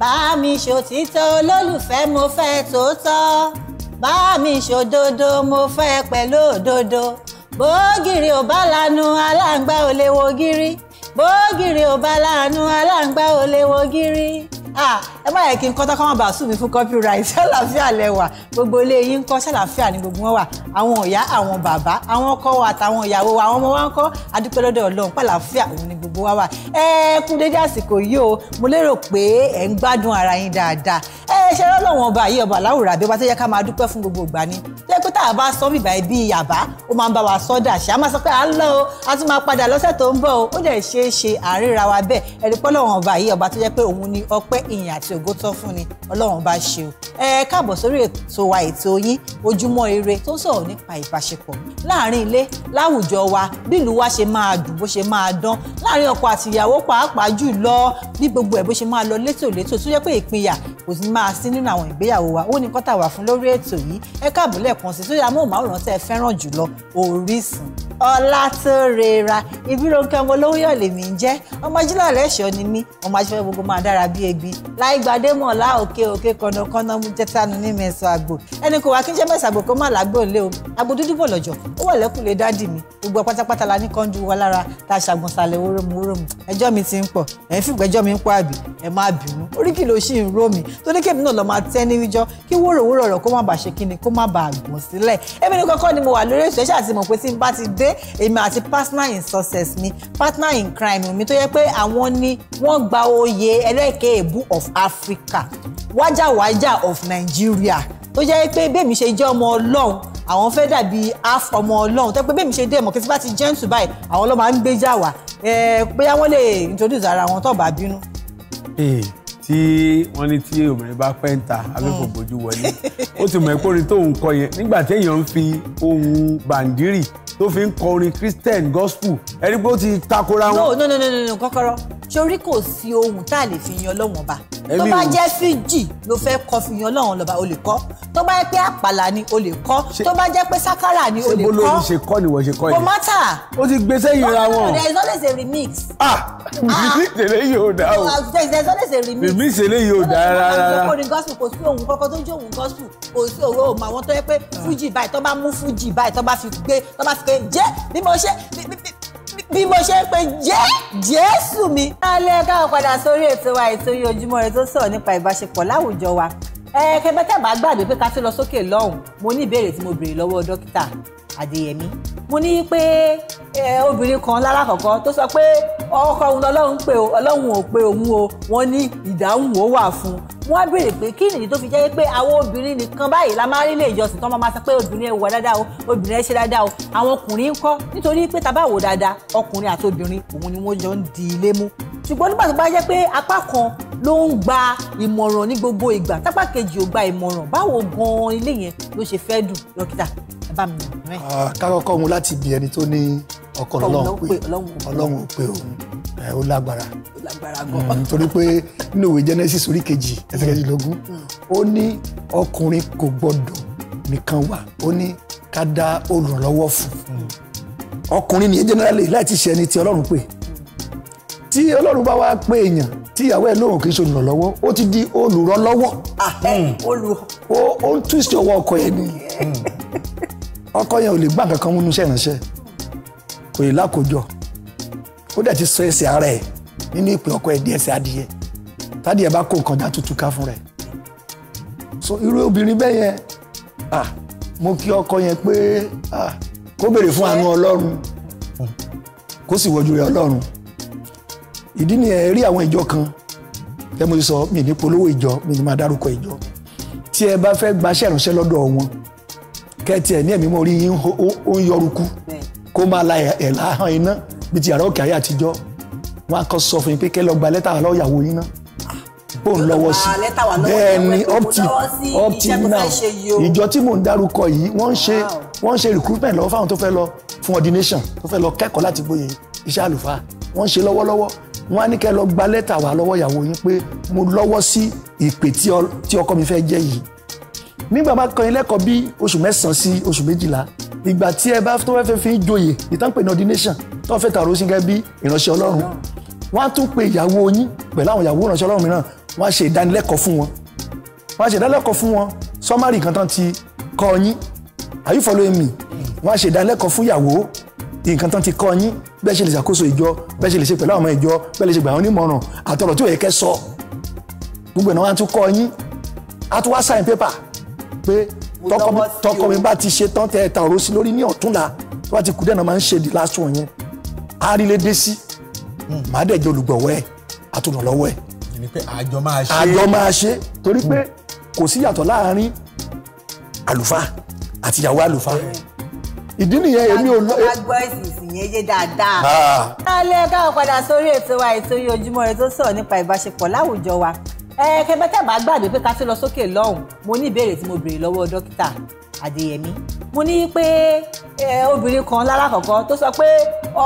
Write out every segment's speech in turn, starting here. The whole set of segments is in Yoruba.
bá mi ṣòtítọ́ olólùfẹ́ mo fẹ́ tòótọ́ bá mi ṣòdodo mo fẹ́ pẹ̀lú òdodo bógiri ò bá lanu aláǹgbá ò lè wo gírí bógiri ò bá lanu aláǹgbá ò lè gírí. Ah, ẹ má yẹ kí n kọ́ tọ́kọ́ wọn bá sùn mí fún copyright ṣàlàfíà lẹ́wà gbogbo ilé yín ń kọ́ ṣàlàfíà ní gbogbo wọn wà àwọn ìyá àwọn bàbá àwọn ọkọ wa àtàwọn ìyàwó wa àwọn ọmọ wa ń kọ́ adúpẹ́ ọlọ́run pàlàfíà òun ni gbogbo wa wà ẹ kú dédé àsìkò yìí o mo lérò pé ẹ ń gbádùn ara yín dáadáa ẹ ṣe rọ́lọ́wọ́n ọba yìí ọba aláwòrán àbí ọba tó yẹ ká máa dúpẹ́ fún gbogbo ìgbà ni tá a bá sọ bíbá ibi yàbá ó máa ń bá wa sọ dàṣẹ a máa sọ pé à ń lọ o a tún máa padà lọ́sẹ̀ tó ń bọ̀ o ó dẹ̀ ṣe é ṣe àríra wa bẹ́ẹ̀ ẹ̀rí pé ọlọ́run ọba yìí ọba tó jẹ́ pé òun ni ọpẹ́ ìyìn àti ògo tọ́ fún ni ọlọ́run ọba ṣe o ẹ káàbọ̀ sórí ètò wa ètò yín ojúmọ́ ire tó ń sọ̀rọ̀ nípa ìbáṣepọ̀ láàrin ilé láwùjọ wa bílù wa ṣe máa dùn bó ṣe máa dán láàrin ọkọ àti ìyàwó pàápàá jù lọ bí gbogbo ẹ̀ bó ṣe máa lọ létòlétò tó yẹ pé ìpínyà kò sì máa sí nínú àwọn ìgbéyàwó wa ó ní kọ́tà wà fún lórí ètò yìí ẹ káàbọ̀ lẹ́ẹ̀kan sí sórí amóhùnmáwòrán tẹ́ ẹ fẹ́ràn jùlọ Orísun ọlátórẹra ìbíròǹkẹ́ ọmọ olówóyọ̀ lèmi ń jẹ́ ọmọ jílọ̀ lẹ́ṣọ́ ni mí ọmọ aṣọ́fẹ́ gbogbo máa dára bí egbin láì gbadé mọ̀ lá òkè òkè kọ̀nàkọ́nà mú jẹ́tánu ní mẹ́sàn àgbò ẹni kò wá kí n jẹ́ mẹ́sàn àgbò kó má làgbò ńlẹ̀ o àgbò dúdú bọ̀ lọ́jọ́ ó wà lẹ́kùnlé dádì mi gbogbo pátápátá la ní kánjú wa lára tá a ṣàgbọ̀n sàlẹ̀ wórómùwórómù ẹjọ́ mi ti ń pọ̀ ẹ̀ ń fìgbẹ́jọ́ mi ń pọ̀ àbí ẹ̀ máa bínú oríkì ló ṣì ń ró mi tó ní kébì náà lọ́ máa tẹ́ níwíjọ́ kí wóró wóró ọ̀rọ̀ kó má bàa ṣe kí ni kó má bàa gbọ̀n sílẹ̀ èmi ní kọ́kọ́ ni mo wà lórí ètò ẹ̀ṣẹ́ àti mọ̀ pé bá ti dé pé èmi àti partner in success mi partner in crime mi tó yẹ pé àwọn ni wọ́n gba oyè ẹlẹ́kẹ̀ èbú of Africa wájàwájà of Nigeria tó jẹ́ pé bẹ́ẹ̀ mi ṣe jẹ́ ọmọ ọlọ́run àwọn fẹ́ dàbí half ọmọ ọlọ́run tẹ́ pé bẹ́ẹ̀ mi ṣe dé mọ̀kẹ́sí bá ti gentle báyìí àwọn ọlọ́run máa ń gbéjà wá bóyá wọ́n lè introduce ara wọn tó bá bínú tí wọ́n ní tí obìnrin bá pẹ́ ń ta afẹ́fọ̀ mm. bójú wọlé ó ti mọ̀ ẹ́ kórin tóun kọ yẹn nígbà téèyàn ń fi ohun bàǹdírì tó fi ń kọ orin christian gospel ẹni pé ó ti takora wọn. no no no no kọ́kọ́rọ́ sórí kò sí ohun tá a lè fi yan Ọlọ́run ọba tó bá jẹ́ fíjì ló fẹ́ kọ fi yan Ọlọ́run ọba o lè kọ tó bá jẹ́ pé àpàlà ni o lè kọ tó bá jẹ́ pé sákárà ni o lè kọ ṣé bólóyìn ṣe kọ́ ni wọ́n ṣe kọ́ yẹn. kò mọ́tà ó ti gbé sẹ́yìn ra wọn. there is always a remix. ah ah. ah there is always a remix mi ìṣẹ̀lẹ̀ yìí ò dáa rárá. kò ní gospel kò sí òun kọ́kọ́ tó ń jẹ́ òun gospel kò sí òwe òun àwọn tó yẹ pé fújì báyìí tó bá mú fújì báyìí tó bá fi gbé tó bá fi pé jẹ́ bí mo ṣe bí mo ṣe ń pe jẹ́ jésù mi. alẹ́ káwọn padà sórí ètò wa ètò yìí ojúmọ́ rẹ tó sọ̀rọ̀ nípa ìbáṣepọ̀ láwùjọ wa. ẹ kẹgbẹ́ tẹ́ ọkọ òun lọ́lọ́run pé o ọlọ́run ò pé òun o wọ́n ní ìdáhùn ó wà fún wọ́n á béèrè pé kí nìyí tó fi jẹ́ pé àwọn obìnrin nìkan báyìí la máa ń rí ilé ìjọsìn tán máa sọ pé obìnrin ẹwà dáadáa o obìnrin ẹ ṣe dáadáa o àwọn ọkùnrin ń kọ́ nítorí pé tá bá wò dáadáa ọkùnrin àti obìnrin òun ni wọ́n jọ ń di ilé mú ṣùgbọ́n nígbà tó bá jẹ́ pé apá kan ló ń gba ìmọ̀ràn ní gbogbo ìgbà tápá kejì ò gba ìmọ̀ràn báwo gan-an ilé yẹn ló ṣe fẹ́ dùn dókítà ẹ bá mi mọ̀ rẹ̀. kákọ́kọ́ mu láti bí ẹni tó ní ọkọ ọlọ́run pé ọlọ́run pé o mm. ó lágbára nítorí mm, pé nínú ìwé Genesis orí kejì ẹsẹ̀ kejìlélógún mm. ó ní ọkùnrin kò gbọdọ̀ nìkan wà ó ní ká dá olùrànlọ́wọ́ fún ọkùnrin nìyẹn generally láti ṣe ẹni tí ọlọ́run pè tí ọlọ́run bá wá pé èèyàn tí ìyàwó ẹ̀ lóhùn kì í ṣolùrànlọ́wọ́ ó ti di olùrànlọ́wọ́ ah, ó ń twist ọwọ́ ọkọ yẹn ni ọkọ yẹn ò lè gbà kankan múnú iṣẹ́ ìránṣẹ́ kò yìí lákòjọ ó dẹ̀ ti sọ ẹsẹ̀ ara ẹ̀ nínú ìpè ọkọ ẹ̀ di ẹsẹ̀ adìyẹ tádìyẹ bá kó nǹkan dá tutù ká fún rẹ̀ so irú obìnrin bẹ́ẹ̀ yẹn ah mo kí ọkọ yẹn pé ah kó béèrè fún àánú ọlọ́run kó sì wọjú rẹ̀ ọlọ́run ìdí nìyẹn rí àwọn ìjọ kan tẹ́ mo ti sọ mi ní polówó ìjọ mi ní máa dárúkọ ìjọ tí ẹ bá fẹ́ gbaṣẹ́ ìránṣẹ́ lọ́dọ̀ wọn kẹ́tì ẹ̀ ní ẹ̀mí mọ́ orí yín ó ń yọrùkú kó máa la ẹ̀ láhàn iná bí ti yàrá òkè ayé àtijọ́ wọn á kọ́ sọ fún yín pé kẹ́lọ́ gba lẹ́tà lọ́wọ́ ìyàwó yín bó ń lọ́wọ́ sí bẹ́ẹ̀ ni opti opti now ìjọ tí mò ń dárúkọ yìí wọ́n ń ṣe wọ́n ń ṣe recruitment lọ́wọ́ fáwọn tó fẹ́ lọ fún ordination tó fẹ́ lọ kẹ́kọ̀ọ́ láti gbóyè iṣẹ́ àlùfáà wọ́n ń ṣe lọ́wọ́lọ́wọ́ wọ́n á ní kẹ́ lọ gba lẹ́tà wá lọ́wọ́ ìyàwó yín pé mo lọ́wọ́ sí ìpè tí ọkọ mi fẹ́ jẹ́ yìí nígbà bá kọ́ yín lẹ́kọ̀ọ́ bí oṣù mẹ́sàn-án sí oṣù méjìlá ìgbà tí ẹ bá tó fẹ́ fi ń joyè ìtànpẹ̀ ní ordination tó fẹ́ tààrọ̀ sí gẹ́gẹ́ bí ìránṣẹ́ ọlọ́run wọ́n á tún pe ìyàwó yín pẹ̀lú àwọn ìyàwó ìránṣẹ́ ọlọ́run mìíràn wọ́n á ṣe ìdánilẹ́kọ̀ọ́ fún wọn wọ́n á ṣe ìdánilẹ́kọ̀ọ́ fún wọn sọ́márì kan tán ti kọ́ yín are you following me wọ́n á ṣe ìdánilẹ́kọ̀ọ́ fún ìyàwó nǹkan tán ti kọ́ yín bẹ́ẹ̀ ṣe lè ṣàkóso ìjọ bẹ́ẹ̀ ṣe lè ṣe pẹ̀lú àwọn ìjọ bẹ́ẹ̀ lè ṣe gbà wọn nímọ̀ràn pé tọkọ mi bá ti ṣe tán tẹ ẹ̀ta ọ̀rọ̀ sí lórí ní ọ̀túnla tó bá ti kú dẹ́nà máa ń ṣe di last one yẹn àrílédé sí hmm. màá dẹ̀ jẹ́ olùgbọ̀wọ́ ẹ̀ àtúnlọ́wọ́ ẹ̀. àjọ máa ṣe àjọ máa ṣe torí pé hmm. kò sí yàtọ̀ láàárín àlùfáà àti ìyàwó àlùfáà ìdí nìyẹn èmi ò lọ. agbọ́ ìsìsìn yẹn yé dáadáa. kálẹ̀ káwọn padà sórí ètò wa ètò yìí ojúmọ́ rẹ tó sọ̀rọ̀ nípa ìbáṣepọ̀ láwùjọ wa ẹ kẹgbẹ́ tẹ́ bá gbàgbé pé ká tó lọ sókè lọ́hùn mo ní ìbéèrè tí mo béèrè lọ́wọ́ dókítà Adéyẹmí mo ní pé obìnrin kan lálákọ̀ọ́kọ́ tó sọ pé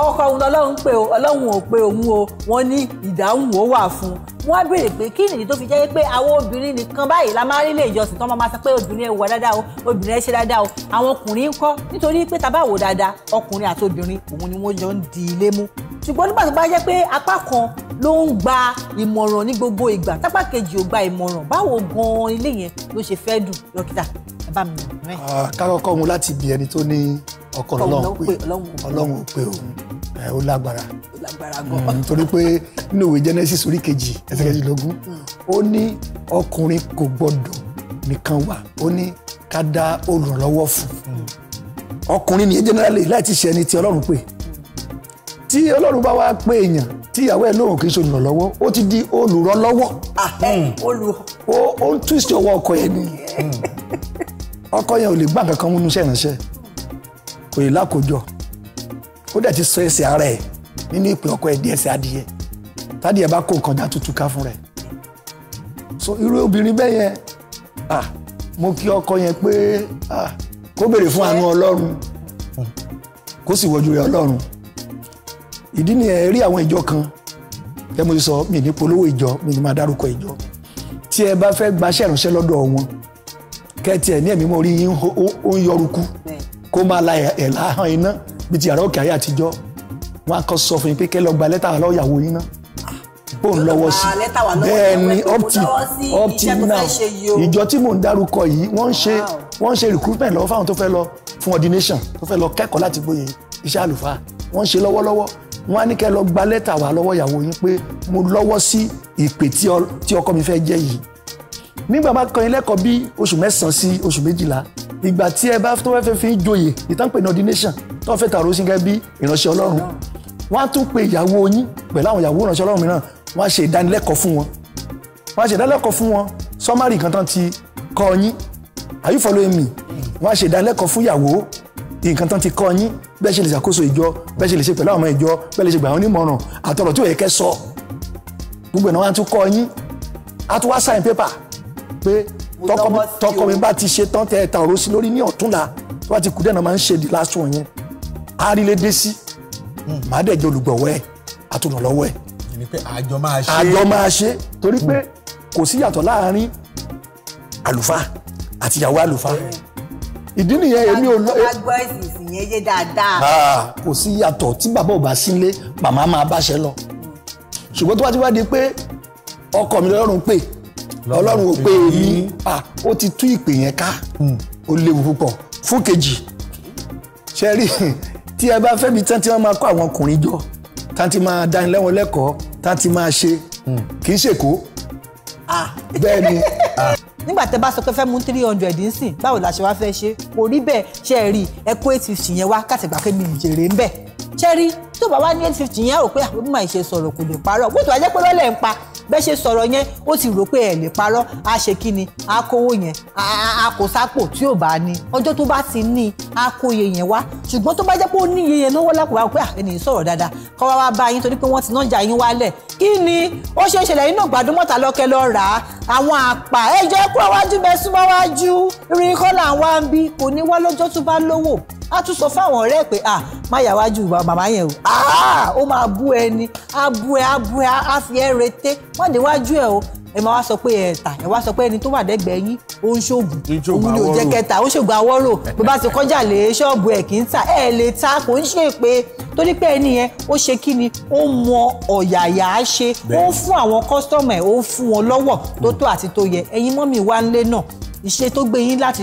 ọkọ òun ọlọ́run pé o ọlọ́run ò pé òun o wọ́n ní ìdáhùn ó wà fún un wọ́n á béèrè pé kí nìyí tó fi jẹ́ pé àwọn obìnrin nìkan báyìí la máa ń rí ilé ìjọsìn tó máa sọ pé obìnrin ẹ̀ wà dáadáa o obìnrin ẹ̀ ṣe dáadáa o àwọn ọkùnrin ń kọ́ nítorí pé tá bá wò dáadáa ọkùnrin àti obìnrin òun ni wọ́n jọ ń di ilé mú ṣùgbọ́n nígbà tó bá jẹ́ pé apá kan ló ń gba ìmọ̀ràn ní gbogbo ìgbà tápá kejì ò gba ìmọ̀ràn báwo gan-an ilé yẹn ló ṣe fẹ́ dùn dókítà ẹ bá mi rẹ. kákọ́kọ́ mu láti bí ẹni tó ní ọkọ ọlọ́run pé ọlọ́run ò pé òun ó lágbára mm, torí pé nínú ìwé Genesis orí kejì ẹsẹ̀ kejìlélógún ó ní ọkùnrin kò gbọdọ̀ nìkan wà ó ní ká dá olùrànlọ́wọ́ fún ọkùnrin nìyẹn generally láti ṣe ẹni tí ọlọ́run pè tí ọlọ́run bá wá pé èèyàn tí ìyàwó ẹ̀ lóhùn kì í ṣolùrànlọ́wọ́ ó ti di olùrànlọ́wọ́. ó ń twist ọwọ́ ọkọ yẹn ni ọkọ yẹn ò lè gbà kankan múnú iṣẹ́ ìránṣẹ́ kò lè lákòjọ ó dẹ̀ ti sọ ẹsẹ̀ ara ẹ̀ nínú ìpè ọkọ ẹ̀ di ẹsẹ̀ adìyẹ tádìyẹ bá kó nǹkan dá tutù ká fún rẹ̀ so irú obìnrin bẹ́ẹ̀ yẹn ah mo kí ọkọ yẹn pé ah kó béèrè fún àánú ọlọ́run kó sì wọjú rẹ̀ ọlọ́run ìdí ni ẹ rí àwọn ìjọ kan ẹ mo ti sọ mi ní polówó ìjọ mi ní máa dárúkọ ìjọ tí ẹ bá fẹ́ gbaṣẹ́ ìránṣẹ́ lọ́dọ̀ wọn kẹ́tì ẹ̀ ní ẹ̀mí mọ́ orí yín ó ń yọrùkú kó máa la ẹ̀ láhàn iná bí ti yàrá òkè ayé àtijọ́ wọn á kọ́ sọ fún yín pé kẹ́ lọ gba lẹ́tà lọ́yàwó yín náà bó ń lọ́wọ́ sí bẹ́ẹ̀ ni opti opti now ìjọ tí mò ń dárúkọ yìí wọ́n ń ṣe wọ́n ń ṣe recruitment lọ́wọ́ fáwọn tó fẹ́ lọ fún ordination tó fẹ́ lọ kẹ́kọ̀ọ́ láti gbóyè iṣẹ́ àlùfáà wọ́n ń ṣe lọ́wọ́lọ́wọ́ wọ́n á ní kẹ́ lọ gba lẹ́tà wá lọ́wọ́ ìyàwó yín pé mo lọ́wọ́ sí ìpè tí ọkọ mi fẹ́ jẹ́ yìí nígbà bá kọ́ yín lẹ́kọ̀ọ́ bí oṣù mẹ́sàn-án sí oṣù méjìlá ìgbà tí ẹ bá tó fẹ́ fi ń joyè ìtànpè ní ordination tó fẹ́ tààrọ̀ sí gẹ́gẹ́ bí ìránṣẹ́ ọlọ́run wọ́n á tún pe ìyàwó yín pẹ̀lú àwọn ìyàwó ìránṣẹ́ ọlọ́run mìíràn wọ́n á ṣe ìdánilẹ́kọ̀ọ́ fún wọn wọ́n á ṣe ìdánilẹ́kọ̀ọ́ fún wọn sọ́márì kan tán ti kọ́ yín are you following me wọ́n á ṣe ìdánilẹ́kọ̀ọ́ fún ìyàwó nǹkan tán ti kọ́ yín bẹ́ẹ̀ ṣe lè ṣàkóso ìjọ bẹ́ẹ̀ ṣe lè ṣe pẹ̀lú àwọn ìjọ bẹ́ẹ̀ lè ṣe gbà wọn nímọ̀ràn àtọ̀rọ̀ tí ò yẹ kẹ́ sọ gbogbo ẹ̀ náà wọ́n á tún kọ́ yín á tún wá sign paper pé tọkọ mi bá ti ṣe tán tẹ ẹ̀ta ọ̀rọ̀ sí lórí ní ọ̀túnla tó bá ti kú dẹ́nà máa ń ṣe last one yẹn á rí lé dé sí màá dẹ̀ jẹ́ olùgbọ̀wọ́ ẹ̀ àtúnlọ́wọ́ ẹ̀ àjọ máa ṣe torí pé hmm. kò ìdí nìyẹn èmi ò lọ. agbọ́ ìsìn yẹn yé dáadáa. kò sí yàtọ̀ tí bàbá ò bá sílé màmá máa báṣẹ lọ ṣùgbọ́n tó bá ti wá di pé ọkọ mi lọ́rùn pè ọlọ́run ò pé èmi ó ti tú ìpè yẹn ká hmm. ó léwu púpọ̀ fún kejì ṣe rí tí ẹ bá fẹ́bi tán tí wọ́n máa kó àwọn ọkùnrin jọ tá ti máa dánilẹ́wọ̀n lẹ́kọ̀ọ́ tá ti máa ṣe hmm. kì í ṣèkó ah. bẹ́ẹ̀ ni. nígbà tẹ bá sọ pé fẹ́ mú three hundred nsìn báwo la ṣe wá fẹ́ ṣe kò rí bẹ́ẹ̀ ṣe é rí ẹ kó eight fifty yẹn wá kàtìgbà pé mi ìjèrè ń bẹ̀ ṣe rí tó bá wá ní eight fifty yẹn rò pé àbúrò ah, máa ṣe sọ̀rọ̀ kò lè parọ́ bó tó wá jẹ́ pé lọ́lẹ̀ ń pa bẹ́ẹ̀ ṣe sọ̀rọ̀ yẹn ó ti rò pé ẹ̀ lè parọ́ a ṣe kí ni a kówó yẹn a kò sápò tí ò bá ní ọjọ́ tó bá ti ní a kó iye yẹn wá ṣùgbọ́n tó bá jẹ́ pé ó ní iye yẹn lọ́wọ́ lápò wá pé ènìyàn sọ̀rọ̀ dáadáa kọ́ wá wá bá yín torí pé wọ́n ti nájà yín wálẹ̀ kí ni ó ṣe ń ṣẹlẹ̀ yín náà gbádùn mọ́ta lọ́kẹ́ lọ rà á àwọn àpà ẹ kúrò wájú bẹ́ẹ̀ súnmọ́ wájú rí kọ́là wá ń bí kò ní wá lọ́jọ́ tó bá lówó a tún sọ fáwọn ọ̀rẹ́ pé à má yà wájú màmá yẹn o ó máa bú ẹni á bú ẹ á bú ẹ á fi ẹ retí má dé wájú ẹ o ẹ máa wá sọ pé ẹ tà ẹ wá sọ pé ẹni tó wà lẹ́gbẹ̀ẹ́ yín ó ń ṣoògùn òun ni ò jẹ́ kẹta ó ṣoògùn awọ́rò bó bá ti kọjá lé ṣọ́ọ̀bù ẹ̀ kì í tà ẹ lè ta kò ń ṣe pé torí pé ẹni yẹn ó ṣe kí ni ó mọ ọ̀yàyà á ṣe ó ń fún àwọn kọ́sítọ́mù ẹ̀ ó ń fún wọn lọ́wọ́ tó mm. tó àti tó yẹ ẹ̀yin mọ́mì wá ń lé náà ìṣe tó gbé yín láti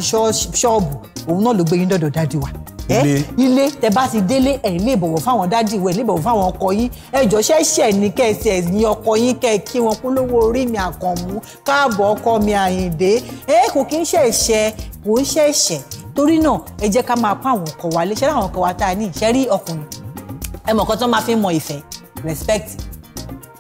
ṣọ́ọ̀bù òun náà ló gbé yín dọ̀dọ̀ dáàdì wa ilé ilé tẹ bá ti délé ẹ̀yin lè bọ̀wọ̀ fáwọn dádì ìwẹ̀ lè bọ̀wọ̀ fáwọn ọkọ yín ẹjọ́ ṣẹ́ṣẹ̀ ní kẹsì ẹ̀yìn ọkọ yín kẹ kí wọn polówó orí mi àkànmú káàbọ̀ ọkọ mi àyìndé ẹ kò kí ń ṣẹ̀ṣẹ̀ kò ń ṣẹ̀ṣẹ̀ torí náà ẹ jẹ́ ká máa pa àwọn ọkọ wa léṣẹ láwọn ọkọ wa tá a ní ìṣẹ́rí ọkùnrin ẹ mọ̀ kan tó máa fi mọ ìfẹ́ respect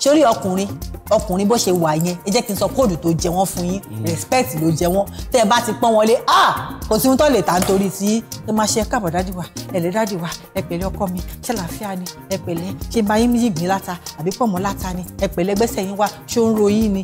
sórí ọkùnrin ọkùnrin bó ṣe wà yẹn ẹ jẹ́ kí n sọ kóòdù tó jẹ wọ́n fún yín mm. respect ló jẹ wọ́n tẹ́ ẹ bá ti pọ́n wọlé ah kò sí ohun tó lè ta nítorí tí ẹ máa ṣe káàbọ̀ dádì wa ẹ̀lẹ́ dádì wa ẹ pẹ̀lẹ́ ọkọ mi ṣé àlàáfíà ni ẹ pẹ̀lẹ́ ṣé máa yín yìnbín láta àbí pọ̀ láta ni ẹ pẹ̀lẹ́ gbẹ́sẹ̀ yín wá ṣó ń ro yín ni.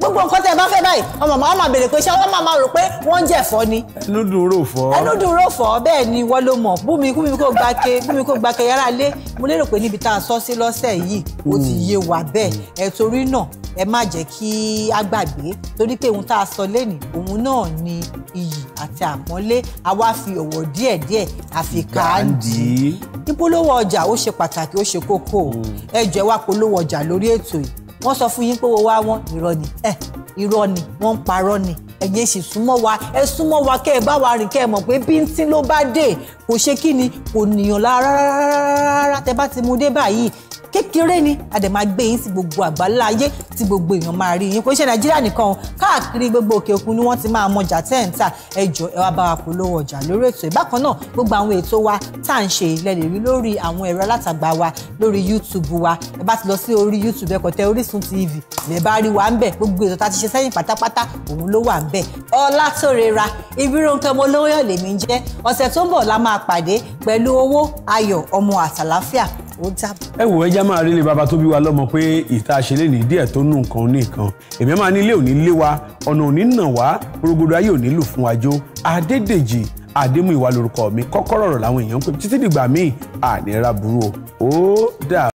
gbogbo nǹkan tẹ́ ẹ bá fẹ́ báyìí ọmọ màá máa béèrè pé ṣé ọlọ́mọ máa rò pé wọ́n ń jẹ̀fọ́ ni. ẹnu dùn rò fọ́. ẹnu dùn rò fọ́ ni wọ́n ló mọ̀ bú mi kú mi kó gbake bú mi kó gbake yàrá lé mo lérò pé níbi tá a sọ sí lọ́sẹ̀ yìí ó ti yé wa bẹ́ẹ̀ ẹ má jẹ́ kí á gbàgbé torí pé ohun tá a sọ lẹ́nìí òun náà ni iyì àti àpọ́nlé a wá fi ọ̀wọ̀ díẹ̀díẹ̀ àfi káàdì ìpolówó ọjà ó ṣe pàtàkì ó ṣe kókó hmm. ẹ jẹ́ wá polówó ọjà lórí ètò yìí wọ́n sọ fún yín pé wọ́n wá wọn irọ́ ni ẹ̀ irọ́ ni wọ́n ń parọ́ ni ẹ̀yin sì súnmọ́ wa ẹ súnmọ́ wa kẹ́ ẹ bá wa rìn kẹ́ ẹ mọ̀ pé bíntín ló bá dé kò ṣe kí ni kò nìyàn lára rárá tẹ bá ti mú dé báyìí kékeré ni a dẹ̀ máa gbé yín sí gbogbo àgbálá ayé tí gbogbo èèyàn máa rí yín kò ṣe nàìjíríà nìkan o káàkiri gbogbo òkè òkun ni wọ́n ti máa mọjà tẹ́ ń tà ẹ jọ̀ọ́ ẹ wá bá wa polówó ọjà lórí ètò ìbákan náà gbogbo àwọn ètò wa tá à ń ṣe lẹ lè rí lórí àwọn ẹ̀rọ alátagbà wa lórí YouTube wa ẹ bá ti lọ sí orí YouTube ẹ tẹ Orísun TV lè bá rí wa ń bẹ gbogbo ètò tá ti ṣe sẹ́yìn pátápátá òun ló wà ń bẹ Ọlátòrera Ìbírónkẹ́ ọmọ olóyè lèmi jẹ́ ọ̀sẹ̀ tó ń bọ̀ la máa pàdé pẹ̀lú owó ayọ̀ ọmọ àtàláfíà ó dàbọ̀. ẹ wò ẹja máa rí ilé baba tó bí wa lọ́mọ pé ìta ṣe lè ní díẹ̀ tó nù nǹkan ní èmi máa ní ilé òní lé wa ọ̀nà òní nà wá rogodo ayé òní lù fún wa jó Adédèjì Adémúyìwá lórúkọ mi kọ́kọ́rọ́ ọ̀rọ̀ làwọn èèyàn ń pè títí dìgbà míì ànírà burú o ó dà.